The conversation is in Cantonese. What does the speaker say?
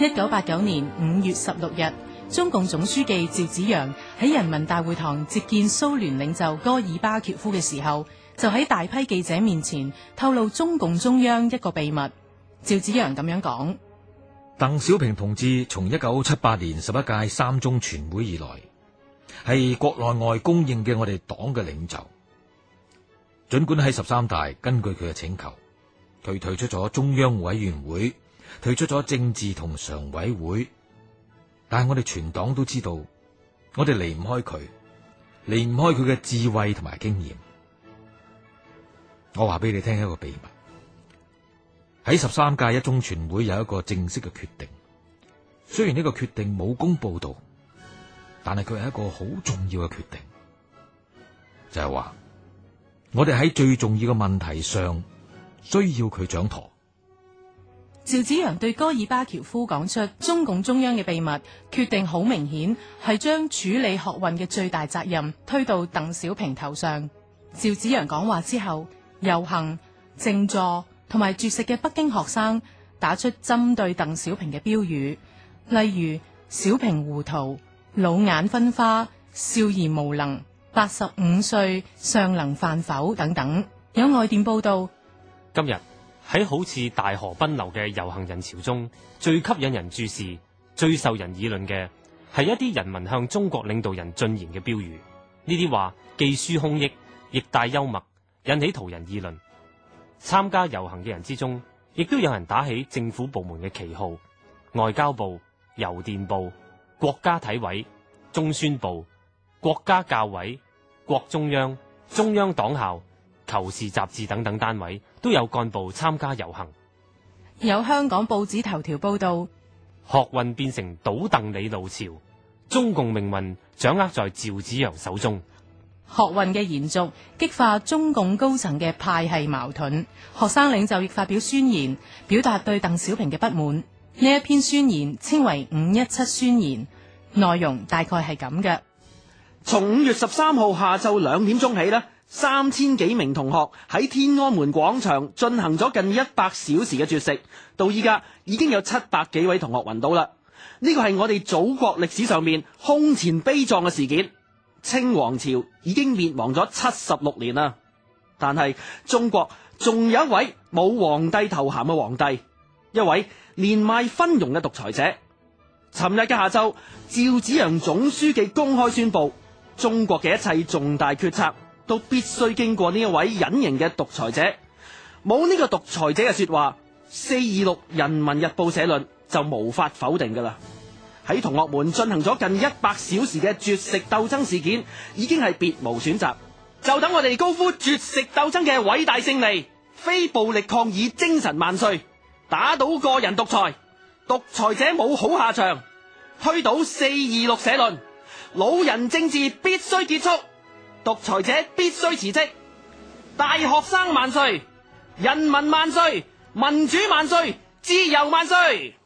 一九八九年五月十六日，中共總書記趙紫陽喺人民大會堂接見蘇聯領袖戈爾巴喬夫嘅時候，就喺大批記者面前透露中共中央一個秘密。趙紫陽咁樣講：鄧小平同志從一九七八年十一屆三中全會以來，係國內外公認嘅我哋黨嘅領袖。儘管喺十三大根據佢嘅請求，佢退出咗中央委員會。退出咗政治同常委會，但係我哋全黨都知道，我哋離唔開佢，離唔開佢嘅智慧同埋經驗。我話俾你聽一個秘密：喺十三屆一中全會有一個正式嘅決定，雖然呢個決定冇公布到，但係佢係一個好重要嘅決定，就係話我哋喺最重要嘅問題上需要佢掌舵。趙紫陽對戈爾巴喬夫講出中共中央嘅秘密決定，好明顯係將處理學運嘅最大責任推到鄧小平頭上。趙紫陽講話之後，遊行、靜坐同埋絕食嘅北京學生打出針對鄧小平嘅標語，例如“小平糊塗、老眼昏花、少而無能、八十五歲尚能飯否”等等。有外電報道，今日。喺好似大河奔流嘅遊行人潮中，最吸引人注視、最受人議論嘅，係一啲人民向中國領導人進言嘅標語，呢啲話既抒胸臆亦帶幽默，引起途人議論，參加遊行嘅人之中，亦都有人打起政府部門嘅旗號，外交部、郵電部、國家體委、中宣部、國家教委、國中央、中央黨校。求是雜誌等等單位都有幹部參加遊行。有香港報紙頭條報道，學運變成倒鄧李路潮，中共命運掌握在趙紫陽手中。學運嘅延續激化中共高層嘅派系矛盾，學生領袖亦發表宣言，表達對鄧小平嘅不滿。呢一篇宣言稱為五一七宣言，內容大概係咁嘅。從五月十三號下晝兩點鐘起呢。」三千幾名同學喺天安門廣場進行咗近一百小時嘅絕食，到依家已經有七百幾位同學暈倒啦。呢個係我哋祖國歷史上面空前悲壯嘅事件。清王朝已經滅亡咗七十六年啦，但係中國仲有一位冇皇帝頭銜嘅皇帝，一位年邁昏庸嘅獨裁者。尋日嘅下晝，趙紫陽總書記公開宣布中國嘅一切重大決策，都必須經過呢一位隱形嘅獨裁者，冇呢個獨裁者嘅說話，四二六《人民日報》社論就無法否定噶啦。喺同學們進行咗近一百小時嘅絕食鬥爭事件，已經係別無選擇， 就等我哋高呼絕食鬥爭嘅偉大勝利，非暴力抗議精神萬歲，打倒個人獨裁，獨裁者冇好下場，推倒四二六社論，老人政治必須結束。獨裁者必須辭職，大學生萬歲，人民萬歲，民主萬歲，自由萬歲。